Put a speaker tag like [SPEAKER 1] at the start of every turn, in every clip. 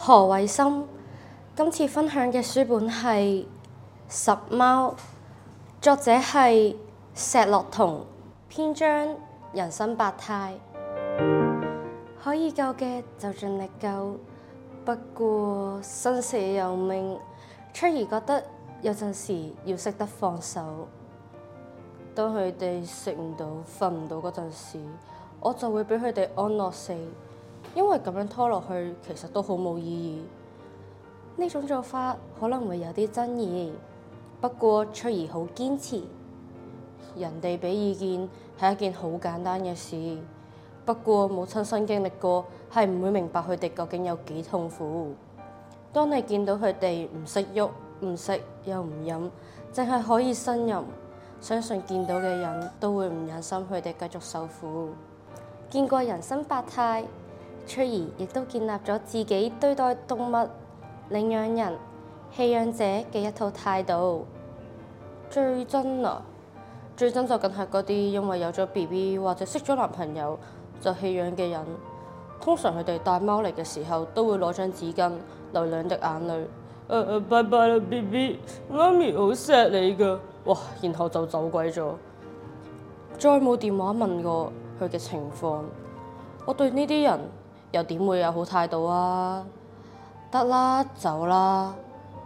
[SPEAKER 1] 何慧芯，今次分享嘅書本係《拾貓》，作者係石樂，同篇章《人生百態》。可以救嘅就盡力救，不過生死有命。出兒覺得有陣時要識得放手，當佢哋食唔到、瞓唔到嗰陣時，我就會俾佢哋安樂死。因為咁樣拖落去，其實都好冇意義。呢種做法可能會有啲爭議，不過翠兒好堅持。人哋俾意見係一件好簡單嘅事，不過冇親身經歷過係唔會明白佢哋究竟有幾痛苦。當你見到佢哋唔識喐、唔食又唔飲，淨係可以呻吟，相信見到嘅人都會唔忍心佢哋繼續受苦。見過人生百態。翠兒亦都建立咗自己對待動物領養人棄養者嘅一套態度。最憎啊，最憎就梗係嗰啲因為有咗 B B 或者識咗男朋友就棄養嘅人。通常佢哋帶貓嚟嘅時候都會攞張紙巾流兩滴眼淚。誒、誒，拜拜啦 B B，媽咪好錫你噶，哇！然後就走鬼咗，再冇電話問過佢嘅情況。我對呢啲人。又點會有好態度啊？得啦，走啦！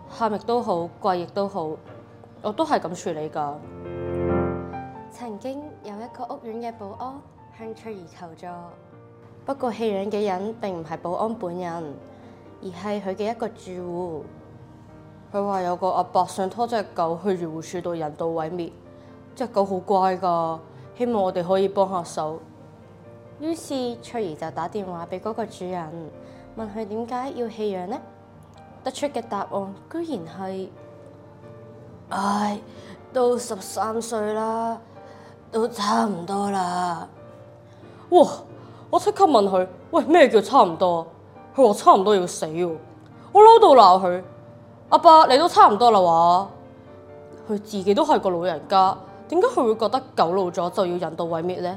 [SPEAKER 1] 喊亦都好，怪亦都好，我都係咁處理噶。曾經有一個屋苑嘅保安向翠兒求助，不過棄養嘅人並唔係保安本人，而係佢嘅一個住戶。佢話有個阿伯想拖隻狗去漁護署度人道毀滅，隻狗好乖㗎，希望我哋可以幫下手。於是翠兒就打電話俾嗰個主人，問佢點解要棄養呢？得出嘅答案居然係：，唉，都十三歲啦，都差唔多啦。哇！我即刻問佢：，喂，咩叫差唔多？佢話差唔多要死。我嬲到鬧佢：，阿伯，你都差唔多啦話。佢自己都係個老人家，點解佢會覺得狗老咗就要人道毀滅呢？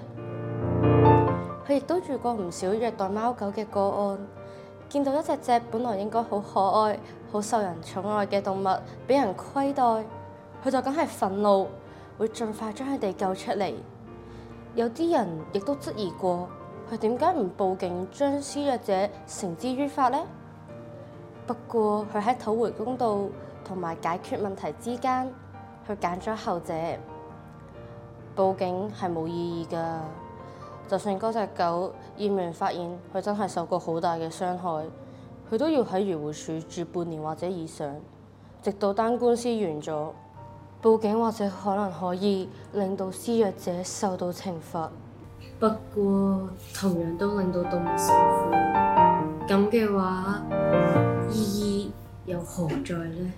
[SPEAKER 1] 佢亦都遇過唔少虐待貓狗嘅個案，見到一隻隻本來應該好可愛、好受人寵愛嘅動物俾人虧待，佢就梗係憤怒，會盡快將佢哋救出嚟。有啲人亦都質疑過佢點解唔報警將施虐者繩之於法呢？不過佢喺討回公道同埋解決問題之間，佢揀咗後者。報警係冇意義噶。就算嗰隻狗驗明發現佢真係受過好大嘅傷害，佢都要喺漁護署住半年或者以上，直到單官司完咗，報警或者可能可以令到施虐者受到懲罰。不過，同樣都令到動物受苦，咁嘅話，意義又何在呢？